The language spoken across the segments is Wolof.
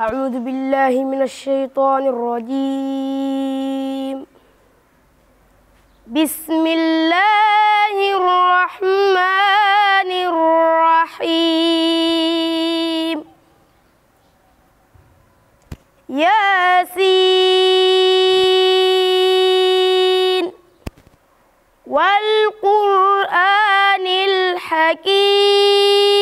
أعوذ بالله من الشيطان الرجيم بسم الله الرحمن الرحيم ياسين والقرآن الحكيم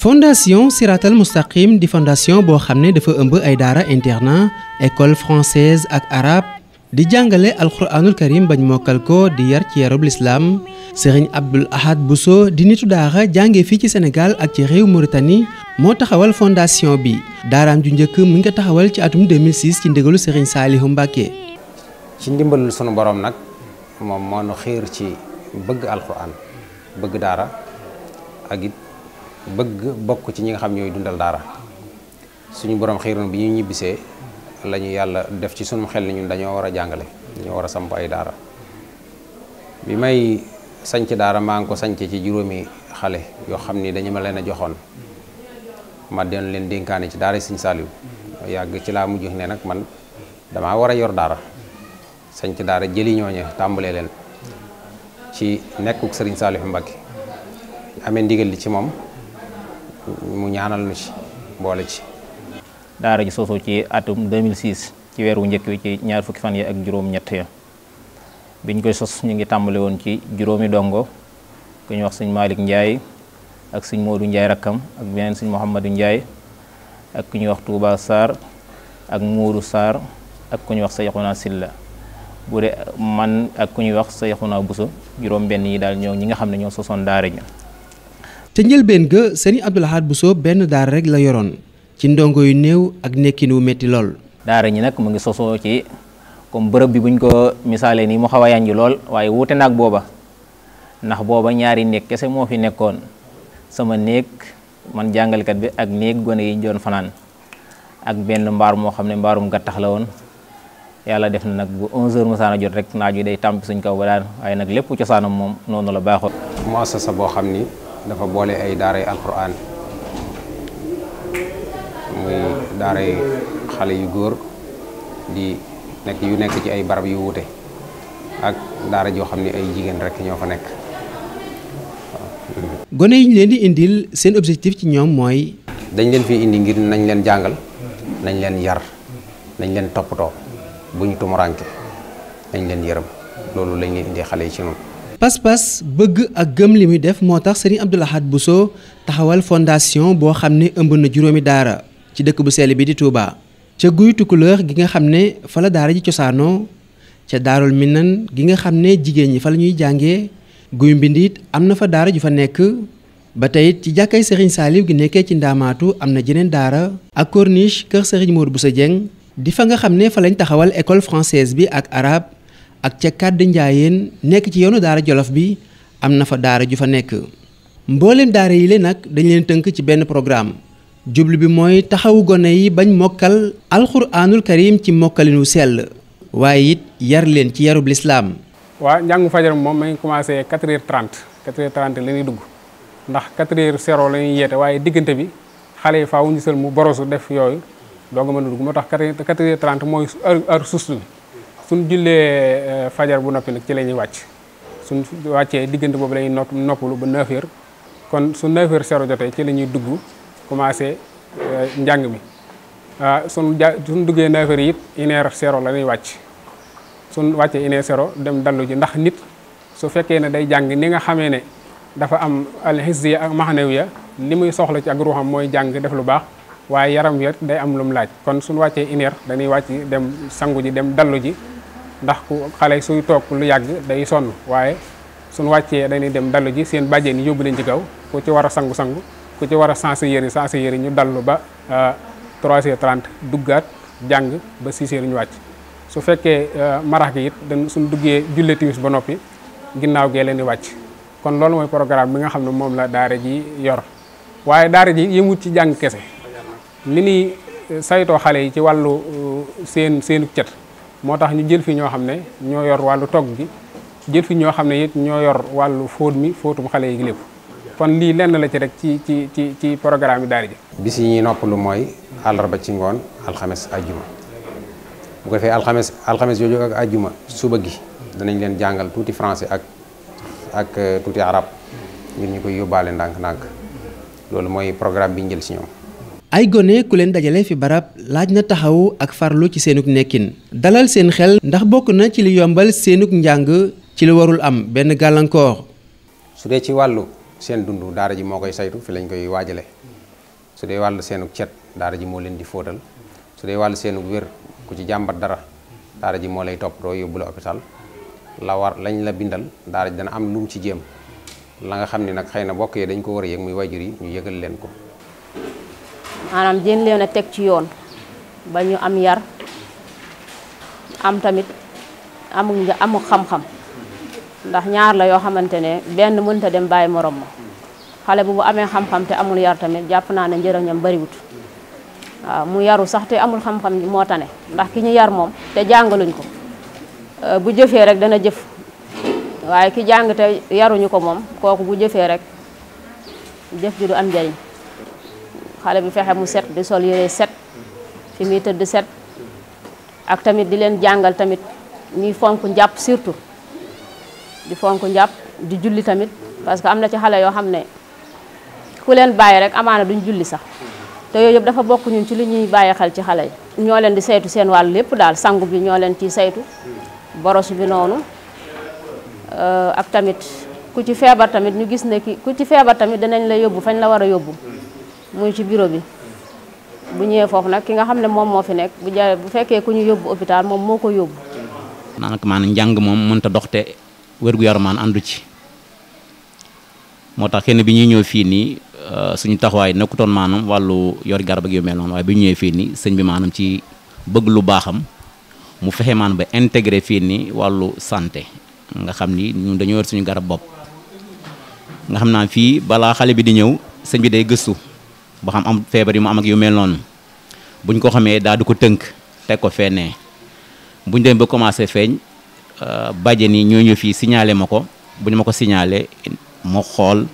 fondation siratal mustaqim di fondation boo xam ne dafa ëmb ay daara internat école francaise ak arabe di jàngale alxuraanul karim bañ mokkal ko di yar ci yarub lislaam sëriñ abdul ahad Bousso di nitu daara jànge fii ci senegal ak ci réew Mauritanie moo taxawal fondation bi daaraam ju njëkk mu ngi ko taxawal ci atum 2006 ci ndigalu sëriñ saalihu mbàkke ci ndimbalul sunu boroom nag moom moo nu xiir ci bëgg alxuraan bëgg daara ak bëgg bokk ci ñi nga xam ñooy dundal daara suñu borom xiiroon bi ñuy ñibbisee la ñu yàlla def ci sunu xel ni ñun dañoo war a jàngale dañoo war a samp ay daara bi may sanc daara maa ngi ko sanc ci juróomi xale yoo xam ni dañu ma leen a joxoon ma doon leen dénkaane ci daara Sëñ Saaliw yàgg ci laa mujj ne nag man damaa war a yor daara sanc daara jëli ñooñe tàmbalee leen ci nekkuk Sëriñ Saaliw Mbàkke amee ndigal li ci moom mu ñaanal nu ci boole ci daara ji soosoo ci atum 2006 ci weer wu njëkk wi ci ñaar fukki fan yi ak juróom-ñett ya biñ koy sos ñu ngi tàmbale woon ci juróomi dongo ku ñuy wax sëñ Malick Ndiaye ak sëñ Modou njaay rakkam ak beneen sëñ Mouhamadou njaay ak ku ñuy wax tuuba Sarr ak Mourou saar ak ku ñuy wax Seyxuna Silla bu dee man ak ku ñuy wax Seyxuna Buso juróom benn yi daal ñoo ñi nga xam ne ñoo sosoon daara ji te njëlbeen ga sëriñ Abdou bu Bousso benn daara rek la yoroon ci ndongo yu néew ak nekkin wu métti lool. daara ñi nag mu ngi sosoo ci comme bërëb bi buñ ko misaalee nii mu xaw a yànji lool waaye wuute nag booba ndax booba ñaari néeg kese moo fi nekkoon sama néeg man jàngalkat bi ak néeg gone yi doon fanaan ak benn mbaar moo xam ne mbaarum gàttax la woon. yàlla def na nag bu 11h musaana jot rek naaj wi day tàmp suñ kaw ba daan waaye nag lépp cosaanam moom noonu la baaxoo. mu boo xam ni dafa boole ay daaray alquran muy daaray xale yu góor di nekk yu nekk ci ay barab yu wuute ak daara joo xam ne ay jigéen rek ñoo fa nekk. gone yi ñu leen di indil seen objectif ci ñoom mooy. dañ leen fi indi ngir nañ leen jàngal nañ leen yar nañ leen toppatoo buñ tumuraanke nañ leen yërëm loolu lañ leen indi xale yi ci noonu. pas-pas bëgg ak gëm li muy def moo tax sëriñ Abdou Lahad Bousso taxawal fondation boo xam ne ëmb na juróomi daara ci dëkk bu sell bi di Touba. ca guy Tukulóor gi nga xam ne fa la daara ji cosaanoo ca daarul minan gi nga xam ne jigéen ñi fa la ñuy jàngee guy mbind am na fa daara ju fa nekk. ba tey ci jàkkay Serigne Saliou gi nekkee ci ndaamaatu am na jeneen daara ak corniche kër Serigne bu sa Dieng di fa nga xam ne fa lañ taxawal école française bi ak arabe. ak ca kàdd njaayeen nekk ci yoonu daara jolof bi am na fa daara ju fa nekk mboolem daara yi leen nag dañ leen tënk ci benn programme jublu bi mooy taxawu gone yi bañ mokkal alxuraanul karim ci mokkalinu sell waaye it yar leen ci yarub lislaam waa waaw njàngu fajar moom ma ngi commencé 4 heures 30 4 heures la ñuy dugg ndax 4 sero zéro la ñuy yeete waaye diggante bi xale yi faaw ñu sel mu borosu def yooyu doo nga mën a dugg moo tax 4 heures suñ jullee eh, fajar bu noppi nag ci la ñuy wàcc suñ wàccee diggante boobu la ñuy nopp noppalu ba 9 kon su 9 sero jotee ci la ñuy dugg commencé eh, njàng mi ah, suñ ja suñ duggee 9h it sero la ñuy wàcc suñ wàccee une sero dem dallu ji ndax nit su fekkee ne day jàng ni nga xamee ne dafa am alxisiya ak ya li muy soxla ci ak ruuxam mooy jàng def lu baax waaye yaram wi day am lu mu laaj kon suñ wàccee une heure dañuy wàcc dem sangu ji dem dallu ji ndax ku xale suy toog lu yàgg day sonn waaye suñ wàccee dañuy dem dallu ji seen bàjjeen yi yóbbu leen ci kaw ku ci war a sangu-sangu ku ci war a sensé yéri sensé yéri ñu dallu ba 3h30 euh, duggaat jàng ba 6h ñu wàcc su fekkee euh, marax gi it dañ suñ duggee julli timis ba noppi ginnaaw gee leen di wàcc kon loolu mooy programme bi nga xam ne moom la daara ji yor waaye daara ji yëmut ci jàng kese ni ni euh, saytoo xale yi ci wàllu seen seenu cet moo tax ñu jël fi ñoo xam ne ñoo yor wàllu togg gi jël fi ñoo xam ne it ñoo yor wàllu fóot mi fóotum xale yi lépp kon lii lenn la ci rek ci ci ci ci programme bi daara ji bis ñuy noppalu mooy àllarba ci ngoon alxames ajjuma bu ko defee alxames alxames jooju ak ajjuma suba gi danañ leen jàngal tuuti français ak ak euh, tuuti arab ngir ñu koy yóbbaale ndànk-ndànk loolu mooy programme bi ñu jël si ñoom ay gone ku leen dajale fi barab laaj na taxawu ak farlu ci seenug nekkin dalal seen xel ndax bokk na ci li yombal seenug njàng ci li warul am benn gàllankoor su dee ci wàllu seen dund daara ji moo koy saytu fi lañ koy waajale su dee wàllu seenug cet daara ji moo leen di fóotal su dee wàllu seenug wér ku ci jàmbat dara daara ji moo lay toppatoo yóbbu la hôpital la war lañ la bindal daara ji dana am lu ci jéem la nga xam ne nag xëy na bokk yee dañ ko war a yëg muy wajur yi ñu yëgal leen ko maanaam jën leen a teg ci yoon ba ñu am yar am tamit amu nga amu xam-xam ndax ñaar la yoo xamante ne benn mënta dem bàyyi morom ma xale bu bu amee xam-xam te amul yar tamit jàpp naa ne njëriñam bariwut waaw mu yaru sax te amul xam-xam moo tane ndax ki ñu yar moom te jàngaluñ ko euh, bu jëfee rek dana jëf waaye ki jàng te yaruñu ko moom kooku bu jëfee rek jëf ji am njariñ xale bi fexe mu set di sol yére set fi muy tëdd set ak tamit di leen jàngal tamit ñuy fonk njàpp surtout di fonk njàpp di julli tamit parce que am na ci xale yoo xam ne ku leen bàyyi rek amaana duñ julli sax te yooyu yëpp dafa bokk ñun ci li ñuy bàyyi xel ci xale yi. ñoo leen di saytu seen wàll lépp daal sangu bi ñoo leen ciy saytu boros bi noonu euh, ak tamit ku ci feebar tamit ñu gis ne ku ci feebar tamit dinañ la yóbbu fañ la war a yóbbu. mu ci bureau bi bu ñëwee foofu nag ki nga xam ne moom moo fi nekk bu jaay bu fekkee ku ñu yóbbu hôpital moom moo ko yóbbu. daanaka maanaam njàng moom mënta dox te wér-gu-yaramaan àndu ci moo tax kenn bi ñuy ñëw fii nii euh, suñu taxawaay nekkutoon maanaam wàllu yor garab ak yu mel noonu waaye bi ñëwee fii nii sëñ bi maanaam ci bëgg lu baaxam mu fexe maanaam ba intégré fii nii wàllu santé nga xam ni ñun dañoo yor suñu garab bopp nga xam naa fii balaa xale bi di ñëw sëñ bi day gëstu. ba xam am feebar yi mu am ak yu mel noonu buñ ko xamee daal di ko tënk teg ko fenee buñ dem ba commencé feeñ euh, bàjjen yi ñoo ñëw fii signalé ma ko buñ ma ko signalé mu xool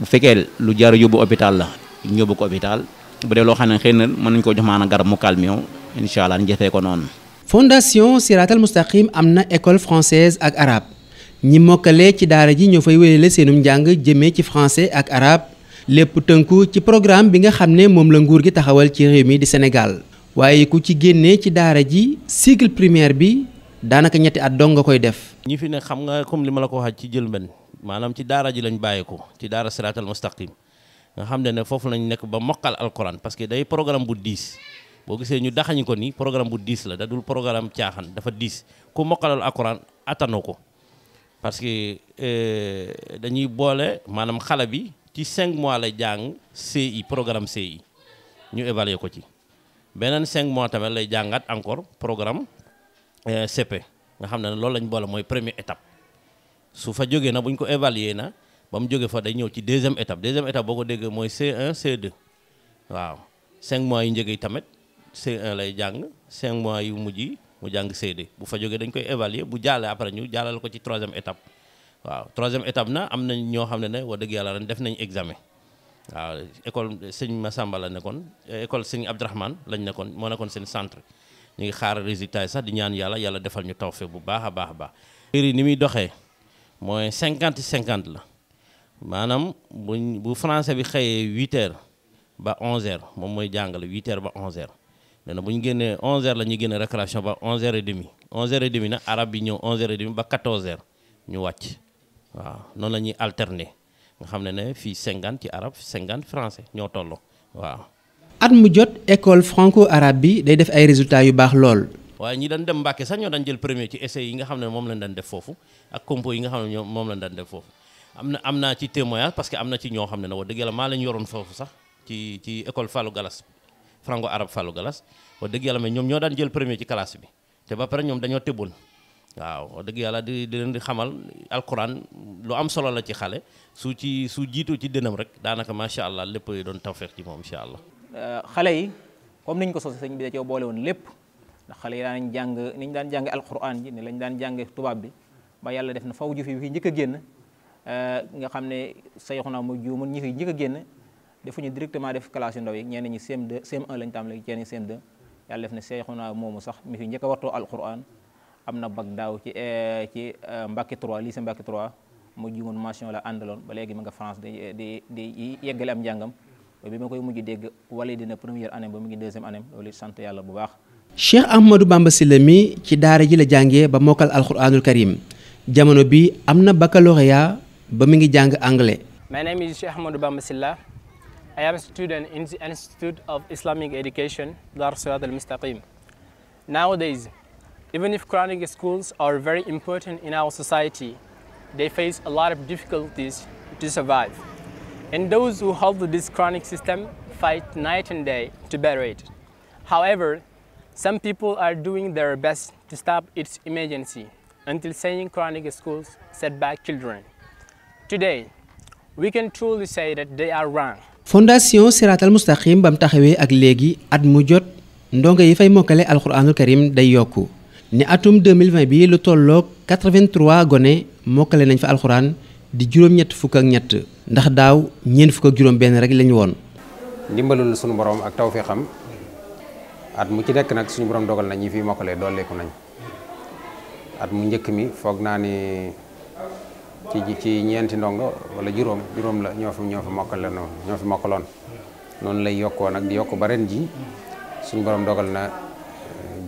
bu fekkee lu jar yóbbu hôpital la ñu yóbbu ko hôpital bu dee loo xam ne xëy na mën nañ koo jox maanaam garab mu calmé wu incha allah ko noonu. fondation Siratal Mustaqim am na école française ak arabe ñi mokkale ci daara ji ñoo fay wéyale seenum njàng jëmee ci français ak arabe. lépp tënku ci programme bi nga xam ne moom la nguur gi taxawal ci réew mi di Sénégal waaye ku ci génnee ci daara ji cycle primaire bi daanaka ñetti at dong nga koy def. ñi fi ne xam nga comme li ma la ko waxee ci jël benn maanaam ci daara ji lañ bàyyeeku ci daara siraatal mustaqim nga xam ne ne foofu lañ nekk ba mokkal alquran parce que day programme bu diis boo gisee ñu daxañ ko ni programme bu diis la dadul dul programme caaxaan dafa diis ku mokkalal alquran attanoo ko parce que euh, dañuy boole maanaam xale bi. ci cinq mois lay jàng CI programme CI ñu évaluer ko ci beneen 5 mois tamit lay jàngat encore programme euh, CP nga xam ne loolu lañ boole mooy premier étape su fa jógee na buñ ko évaluer na ba mu jógee fa day ñëw ci deuxième étape deuxième étape boo ko déggee mooy C1 C2 waaw cinq mois yu njëkk tamit C1 lay jàng cinq mois yu mujj yi mu jàng c bu fa jógee dañ koy évaluer bu jàllee apare ñu jàllale ko ci troisième étape. waaw troisième étape na am nañ ñoo xam ne ne wax dëgg yàlla ren def nañu examen waaw école sëñ Massamba la nekkoon école sëñ Abdourahmane lañ nekkoon moo nekkoon seen centre ñu ngi xaar résultat sax di ñaan yàlla yàlla defal ñu tawfeex bu baax a baax a baax. mbir yi ni muy doxee mooy cinquante cinquante la maanaam buñ bu français bi xëyee huit heures ba onze heures moom mooy jàngale huit heures ba onze heures. nee na bu ñu génnee onze heures la ñuy génne récréation ba onze heures et demi onze heures et bi ñëw onze heures et demi ba quatorze ñu wàcc. waaw noonu la ñuy alterner nga xam ne ne fii cinquante ci arab cinquante français ñoo tolloo waaw. at mu jot école franco arabe bi day def ay résultats yu baax lool. waaye ñi daan dem Mbàkke sax ñoo dañ jël premier ci essai yi nga xam ne moom lañ daan def foofu ak compo yi nga xam ne moom lañ daan def foofu am na am naa ci témoignage parce que am na ci ñoo xam ne ne wax dëgg yàlla maa leen yoroon foofu sax ci ci école Fallou Galas franco arabe Fallou Galas wax dëgg yàlla mais ñoom ñoo daan jël premier ci classe bi te ba pare ñoom dañoo tëboon waaw dëgg yàlla di di leen di xamal alquran lu am solo la ci xale su ci su jiitu ci dënam rek daanaka macha allah lépp doon tawféex ci moom incha allah. Euh, xale yi comme niñ ko sos sëñ bi da cee boole woon lépp ndax xale yi daan jàng niñ daan jàng alquran ji ne lañ daan jàng tubaab bi ba yàlla def na faw ju fi fi njëkk a génn euh, nga xam ne sayxuna mu juumul ñi fi njëkk a génn defuñu directement def classe yu ndaw yi ñeen ñi CM2 CM1 lañ ta ñenn ñi CM2 yàlla def na sayxuna moomu sax mi fi njëkk a wartoo alquran. am na bac daaw ci eh, ci eh, Mbacké 3 lycée Mbacké 3 mu woon mention la àndaloon ba léegi ma nga France di di di yeggale am njàngam bi ma koy mujj dégg wala dina première année ba mu ngi deuxième année loolu sant yàlla bu baax. Cheikh Ahmadou Bamba Sylla mi ci daara ji la jàngee ba mokkal alxuraanul karim jamono bi am na baccalauréat ba mu ngi jàng anglais. My name is Cheikh Ahmadou Bamba Sylla. I am a student in the Institute of Islamic Education Dar Sirat al Mustaqim. Nowadays Even if Quranic schools are very important in our society, they face a lot of difficulties to survive. And those who hold this Quranic system fight night and day to better it. However, some people are doing their best to stop its emergency until saying Quranic schools set children. Today, we can truly say that they are wrong. fondation Siraatal Mustaqim ba mu taxawee ak léegi at mu jot ndongo yi fay mokkale alxuraanul karim day yokku ni atum 2020 bi lu tolloog 83 gone mokkale nañ fi alxuraan di juróom-ñett fukk ak ñett ndax daaw ñeent fukk ak juróom-benn rek lañu woon. ndimbalu la suñu boroom ak taw fi xam at mu ci nekk nag suñu borom dogal na ñi fi mokkale dooleeku nañ at mu njëkk mi foog naa ni ci ci ñeenti ndongo wala juróom juróom la ñoo fi ñoo fi noonu ñoo fi mokkaloon noonu lay yokkoon nag di yokk ba ren ji suñu borom dogal na.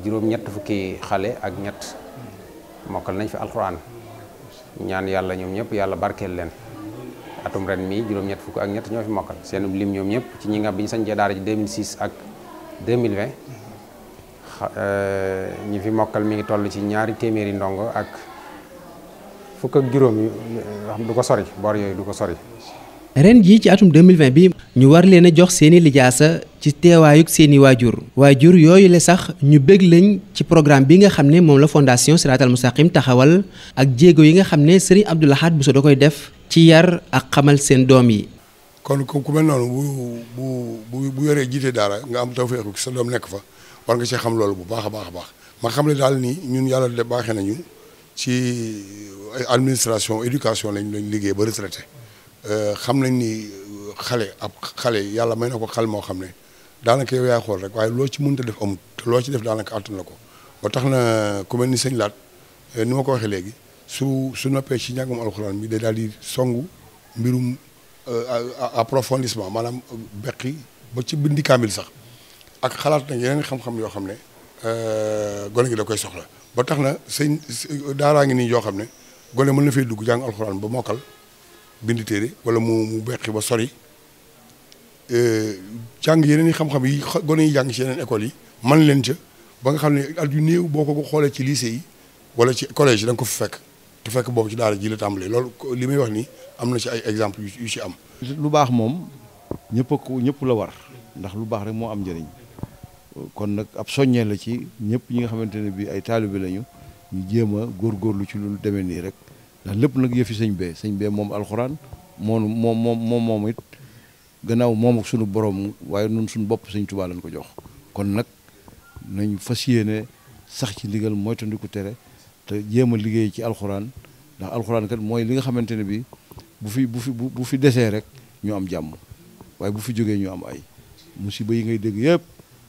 juróom-ñett fukki xale ak ñett mokkal nañ fi alxuraan ñaan yàlla ñoom ñëpp yàlla barkeel leen atum ren mii juróom-ñett fukk ak ñett ñoo fi mokkal seen lim ñoom ñëpp ci ñi nga bi ñu sañcee daara ji 2006 ak 2020 euh, ñi fi mokkal mi ngi toll ci ñaari téeméeri ndongo ak fukk ak juróom du ko sori bor yooyu du ko sori. ren jii ci atum 2020 bi. ñu war leen jox seeni lijaasa. ci teewaayug seeni waajur waajur yooyu le sax ñu bëgg lañ ci programme bi nga xam ne moom la fondation Siraatal Mustaqim taxawal ak jéego yi nga xam ne sëriñ Abdou Lahad sa da koy def ci yar ak xamal seen doom yi. kon ku mel noonu bu bu bu bu yoree jiite daara nga am tawfeexu sa doom nekk fa war nga see xam loolu bu baax a baax a baax ma xam ne daal nii ñun yàlla de baaxee nañu ci administration éducation lañ lañ liggéey ba retraité euh, xam nañ ni xale xale yàlla may na ko xal moo xam ne. daanaka yow yaa xool rek waaye loo ci mënta def amut te loo ci def daanaka àttan na ko ba tax na ku ni sëñ laat eh, ni ma ko waxee léegi su su noppee ci njàngum alxuraan bi day daal di songu mbirum eh, approfondissement maanaam eh, beqi ba ci bindi kaamil sax ak xalaat nag yeneen xam-xam yoo xam ne gone gi da koy soxla ba tax na sëñ daaraa ngi nii yoo xam ne gone mën na fay dugg jàng alxuraan ba mokkal bindi téere wala mu mu beqi ba sori jàng yeneen i xam-xam yi gone yi jàng ci yeneen écoles yi man leen ca ba nga xam ne at yu néew boo ko xoolee ci lycée yi wala ci collège yi ko fi fekk te fekk boobu ci daal ji la tàmbalee loolu li muy wax ni am na ci ay exemple yu ci am lu baax moom ñëpp a ko ñëpp la war ndax lu baax rek moo am njariñ kon nag ab soññee la ci ñëpp ñi nga xamante ne bi ay taalibe lañu ñu jéem a lu ci lu demee nii rek ndax lépp nag yëfi sëñ bee sëñ bee moom alxuraan moom moom moom moom it gannaaw moom ak sunu borom waaye nun suñu bopp Sëñ Tuubaa lañ ko jox kon nag nañ fas ne sax ci ndigal moytandiku tere te jéem a liggéey ci alxuraan ndax alxuraan kat mooy li nga xamante ne bi bu fi bu fi bu fi desee rek ñu am jàmm waaye bu fi jógee ñu am ay musiba yi ngay dégg yëpp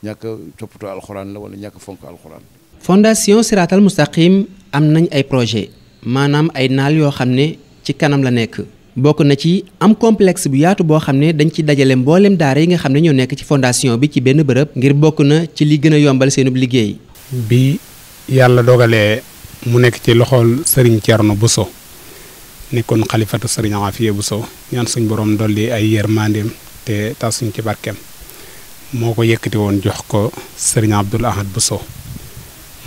ñàkk a toppatoo alxuraan la wala ñàkk fonk alxuraan. fondation Siratal Mustaqim am nañ ay projet maanaam ay naal yoo xam ne ci kanam la nekk. bokk na ci am complexe bu yaatu boo xam ne dañ ci dajale mboolem daara yi nga xam ne ñoo nekk ci fondation bi ci benn bërëb ngir bokk na ci li gën a yombal seenu liggéey. bi yàlla dogalee mu nekk ci loxol Serigne Thierno Bousso nekkoon xalifatu Serigne bu Bousso ñaan suñ borom dolli ay yërmandeem te tas suñ ci barkeem moo ko yëkkati woon jox ko Serigne Abdoul bu Bousso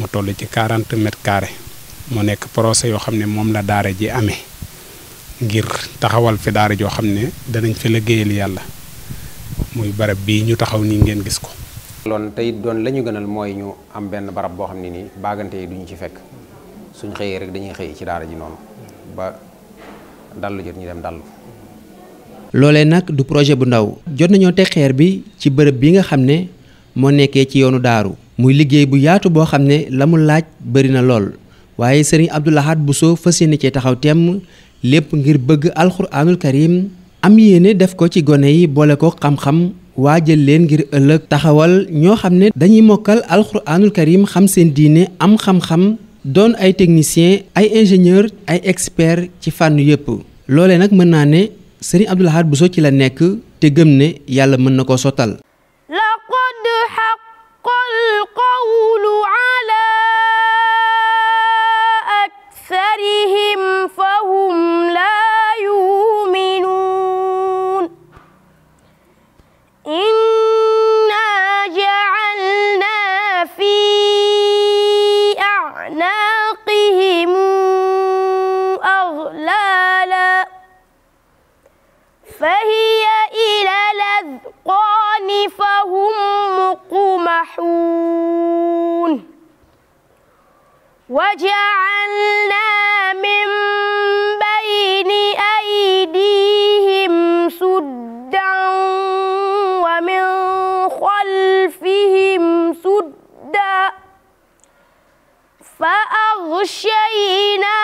mu toll ci 40 mètres carrés mu nekk procès yoo xam ne moom la daara ji amee. ngir taxawal fi daara joo xam ne danañ fi liggéeyal yàlla muy barab bii ñu taxaw ni ngeen gis ko. loolu tey doon la ñu gënal mooy ñu am benn barab boo xam ne nii bagante yi duñu ci fekk suñ xëyee rek dañuy xëy ci daara ji noonu ba dallu jot ñu dem dallu. loolee nag du projet bu ndaw jot nañoo teg xeer bi ci bërëb bi nga xam ne moo nekkee ci yoonu daaru muy liggéey bu yaatu boo xam ne la mu laaj bëri na lool waaye sëriñ Abdou Lahad Bousso fas yéene cee taxaw lépp ngir bëgg alxuraanul karim am yéene def ko ci gone yi boole ko xam-xam waajal leen ngir ëllëg taxawal ñoo xam ne dañuy mokkal alxuraanul karim xam seen diine am xam-xam doon ay technicien ay ingénieur ay expert ci fànn yépp loole nag mën naa ne sëriñ Abdou bu Bousso ci la nekk te gëm ne yàlla mën na ko sottal وهم لا يؤمنون إنا جعلنا في أعناقهم أغلالا فهي إلى الأذقان فهم مقمحون وجعلنا الشيء